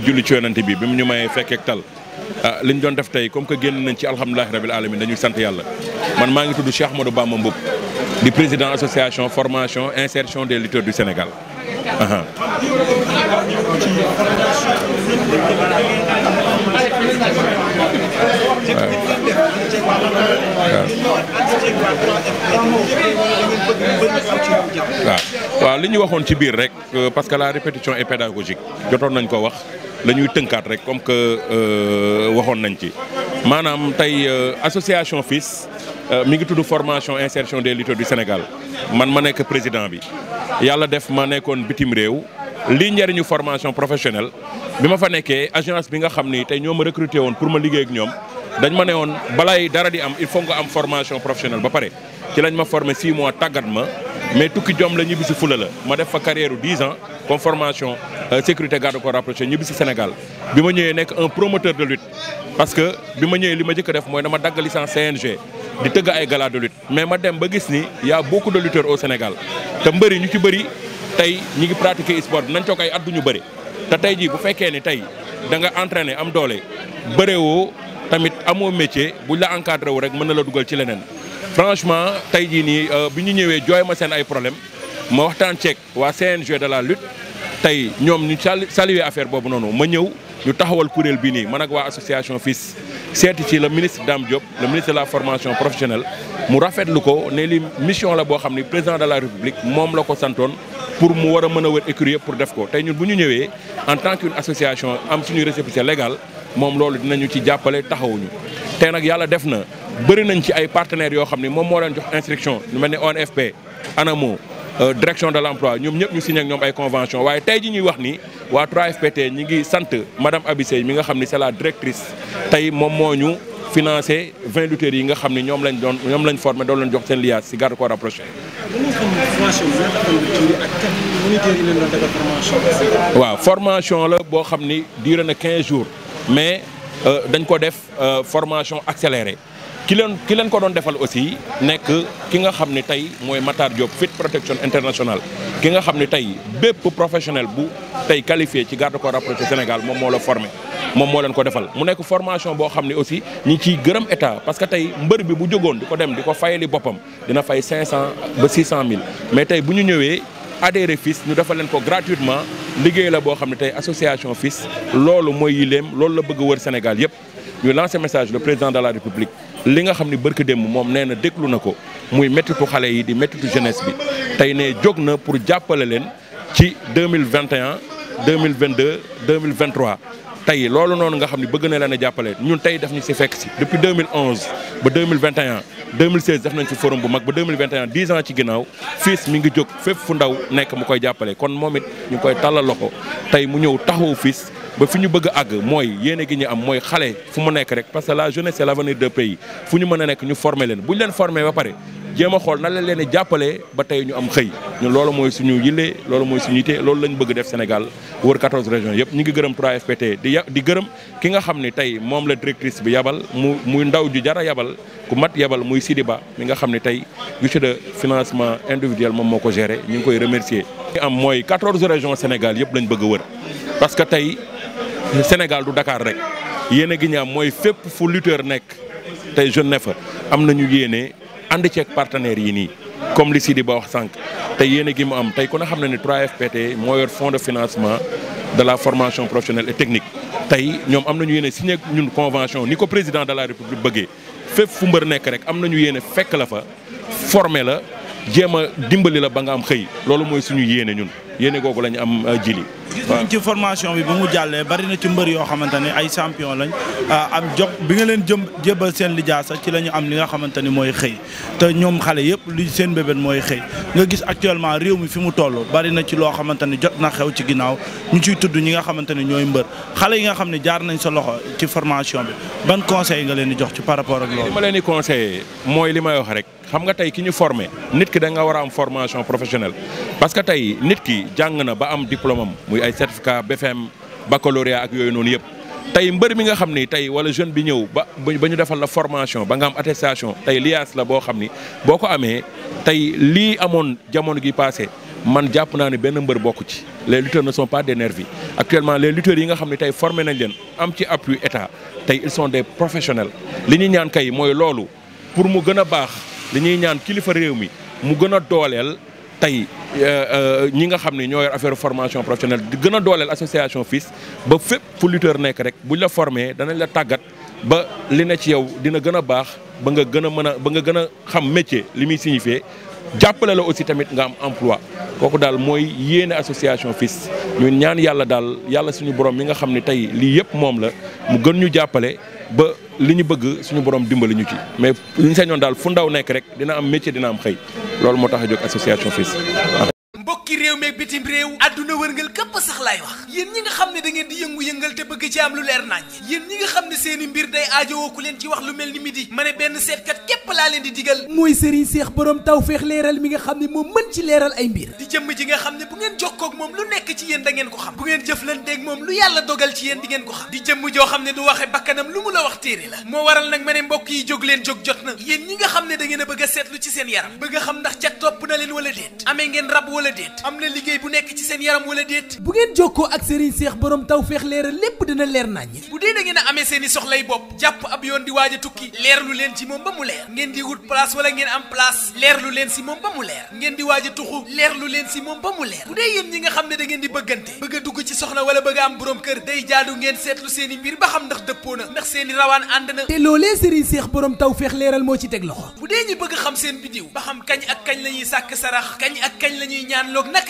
di julli ci yonante bi bi mu ñu mayee fekkeek tal ah li ñu doon def tey comme que génn nañ ci alhamdulilahi rabil alamin dañuy sant yàlla man maa ngi tudd Cheikh Ahmadou ma Mboup di président association formation insertion des lutteurs du Sénégal waa waaw li ñu waxoon ci biir rek euh, parce que la répétition et pédagogique jotoon nañ ko wax lañuy tënkaat rek comme que euh, waxoon nañ ci maanaam tey euh, association FILS mi ngi tudd formation insertion de lutteurs du Sénégal man ma nekk président bi yàlla def ma nekkoon bitim réew lii njëriñu formation professionnelle bi ma fa nekkee agence bi nga xam ni tey ñoo ma recruté woon pour ma liggéey ak ñoom. dañu ma ne woon balaay dara di am il faut nga am formation professionnelle ba pare ci lañ ma formé 6 mois tàggat ma mais tukki jom la ñibbi si fula la ma def fa carrière 10 ans comme formation euh, sécurité garde corps rapproché ñibbi si Sénégal bi ma ñëwee nekk un promoteur de lutte parce que bi ma ñëwee li ma jëkk def mooy dama dagg licence CNG di tëgg ay gala de lutte mais ma dem ba gis ni y a beaucoup de lutteurs au Sénégal te mbëri ñu ci bëri tey ñi ngi pratiquer sport bi nañ toog ay at du ñu bëri te tey jii bu fekkee ni tey da nga entraîné am doole bëree woo tamit amoo métier buñ la encadré wu rek mën na la dugal ci leneen franchement tey jii nii euh, bi ñu ñëwee jooy ma seen ay problème ma waxtaan ceeg waa CNG de la lutte tey ñoom ñu saluer affaire boobu noonu ma ñëw ñu taxawal kuréel bii nii man ak waa association FILS seeti ci le ministre Dame Diop le ministre de la formation professionnelle mu rafetlu ko ne li mission la boo xam ni président de la république moom la ko santoon pour mu war a mën a wër écurie pour def ko tey ñun bu ñu ñëwee en tant qu'une association am suñuy récépissé légal moom loolu dinañu ci jàppale taxawuñu te nag yàlla def na bëri nañ ci ay partenaires yoo xam ne moom moo leen jox instruction ñu mel ne ONFP ANAMO euh, direction de l' emploi ñoom ñëpp ñu si ak ñoom ay convention waaye tey ji ñuy wax ni waa 3FPT ñi ngi sant madame Abissé mi nga xam ni c' la directrice tey moom moo ñu financé 20 lutteurs yi nga xam ni ñoom lañ doon ñoom lañ formé doon leen jox seen liasse si garde corps rapproché. waaw formation la boo xam ni duré na 15 jours. mais euh, dañ ko def euh, formation accélérée ki leen ki leen ko doon defal aussi nekk ki nga xam ni tey mooy Matar Diop Fit Protection International ki nga xam ni tey bépp professionnel bu tey qualifié ci garde corps rapproché Sénégal moom moo la formé moom moo leen ko defal mu nekk formation boo xam ne aussi ñi ciy gërëm état parce que tey mbër bi bu jogoon di ko dem di ko fayali boppam dina fay 500 ba 600 mille mais tey bu ñu ñëwee adhérer FILS ñu defal leen ko gratuitement liggéey la boo xam ne tey association FILS loolu mooy yileem loolu la bëgg wër Sénégal yëpp ñu lancé message le président de la République li nga xam ni bërka démb moom nee na déglu na ko muy méttitu xale yi di méttitu jeunesse bi tey ne jóg na pour jàppale leen ci 2021 2022 2023 tey loolu noonu nga xam ne bëgg na leen a jàppale ñun tey daf ñu si fekk si depuis 2011 ba 2021 2016 def nañ si forum bu mag ba 2021 10 ans ci ginnaaw FILS mi ngi jóg fépp fu ndaw nekk mu koy jàppale kon moom it ñu koy tàllal loxo tey mu ñëw taxawu FILS ba fi ñu bëgg àgg mooy yéene gi ñu am mooy xale fu mu nekk rek parce que la jeunesse c'est l'avenir de pays fu ñu mën a nekk ñu former leen bu ñu leen former ba pare jéem a xool nan lañ leen di jàppalee ba tey ñu am xëy ñun loolu mooy suñu yille loolu mooy suñu yite loolu lañ bëgg def Sénégal wër 14 régions yëpp ñu ngi gërëm 3FPT di di gërëm ki nga xam ni tey moom la directrice bi yabal mu muy ndaw ju jara yabal ku mat yabal muy Sidiba mi nga xam ne tey guichet de financement individuel moom moo ko géré ñu ngi koy remercier li am mooy 14 régions Sénégal yëpp lañ bëgg a wër parce que tey Sénégal du dakaar rek yéene gi mooy fépp fu lutteur nekk tey jeune ne fa am nañu yéene ànd ceeg partenaires yi nii comme li di Ba wax sànq te yéene gi mu am tey ku ne xam na ne 3FPT moo yor fonds de financement de la formation professionnelle et technique tey ñoom am nañu yéene signé ñun convention ni ko président de la république bëggee fépp fu mbër nekk rek am nañu yéene fekk la fa former la jéem a dimbali la ba nga am xëy loolu mooy suñu yéene ñun. yéene googu lañu am euh, jili gis bi ba mu jàllee bari na ci mbër yoo xamante ne ay champion lañ euh, am jox bi nga leen jëm jébal seen sax ci la ñu am li nga xamante ni mooy xëy te ñoom xale yëpp li seen bébét mooy xëy nga gis actuellement réew mi fi mu toll bari na ci loo xamante ni jot na xew ci ginnaaw ñu ciy tudd ñi nga xamante ne ñooy mbër xale yi nga xam ne jaar nañ sa loxo ci formation bi ban conseil nga leen di jox ci par rapport ak loolu. li ma leen di conseillé mooy li may wax rek xam nga tey ki ñu formé nit ki da nga war a am formation professionnelle jàng na ba am diplôme am muy ay certificat BFM baccalauréat ak yooyu noonu yëpp tey mbër mi nga xam ni tey wala jeune bi ñëw ba ba ñu defal la formation ba nga am attestation tey liaas la boo xam ni boo ko amee tey lii amoon jamono gi passé man jàpp naa ne benn mbër bokku ci les lutteurs ne sont pas des nervis actuellement les lutteurs yi nga xam ne tey formé nañ leen am ci appui état tey ils sont des professionnels li ñuy ñaan kay mooy loolu pour mu gën a baax li ñuy ñaan kilifa réew mi mu gën a dooleel tey euh, euh, ñi nga xam ne ñoo yor affaire formation professionnelle di gën a dooleel association fis ba fépp fu lutteur nekk rek buñ la formee danañ la tàggat ba li na ci yow dina gën a baax ba nga gën a mën a ba nga gën a xam métier li muy signifié jàppale la aussi tamit nga am emploi kooku daal mooy yéene association FILS ñun ñaan yàlla daal yàlla suñu borom mi nga xam ne tey lii yëpp moom la mu gën ñu jàppale ba. li ñu bëgg suñu borom dimbali ñu ci mais li ñu sañoon daal fu ndaw nekk rek dina am métier dina am xëy loolu moo tax a jóg association FILS réew meeg bitim réew adduna wërngal képp sax laay wax yéen ñi xam ne da ngeen di yëngu-yëngal te ci am lu leer nañ yéen ñi nga xam ne seeni mbir day aajowoo ku leen ci lu mel ni midi ma ne benn seetkat képp laa leen di digal mooy sëriñ seex boroom tawfeex leeral mi nga xam ne moom mën ci leeral ay mbir di jëm ji nga xam ne bu ngeen jokkoog moom lu nekk ci yéen dangeen ko xam bu ngeen jëflanteeg moom lu yàlla dogal ci yéen di ngeen ko xam di jëmm joo xam ne du waxe bakkanam lu mu la wax téere la moo waral nag ma ne mbokk yi jóg leen jóg jot na yéen ñi nga xam ne da ngeen a bëgg a seetlu ci seen yaram bëgg a xam ndax ca topp na leen wala déet amee ngeen rab wala déet xam la liggéey bu nekk ci seen yaram wala déet bu ngeen jokkoo ak Serigne Seex borom taw feex leeral a amee seen i soxlay bopp jàpp ab yoon di a tukki leerlu leen ci moom ba a tuxu a dugg ci soxna a moo ci teg loxo bu dee ñi bëgg xam seen bidiw ba xam kañ ak kañ la sàkk sarax kañ ak kañ la ñaan loog nag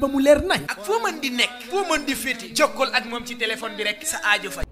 ba mu leer nañ. ak foo mën di nekk. foo man di féete. jokkool ak moom ci téléphone bi rek sa aajo fa.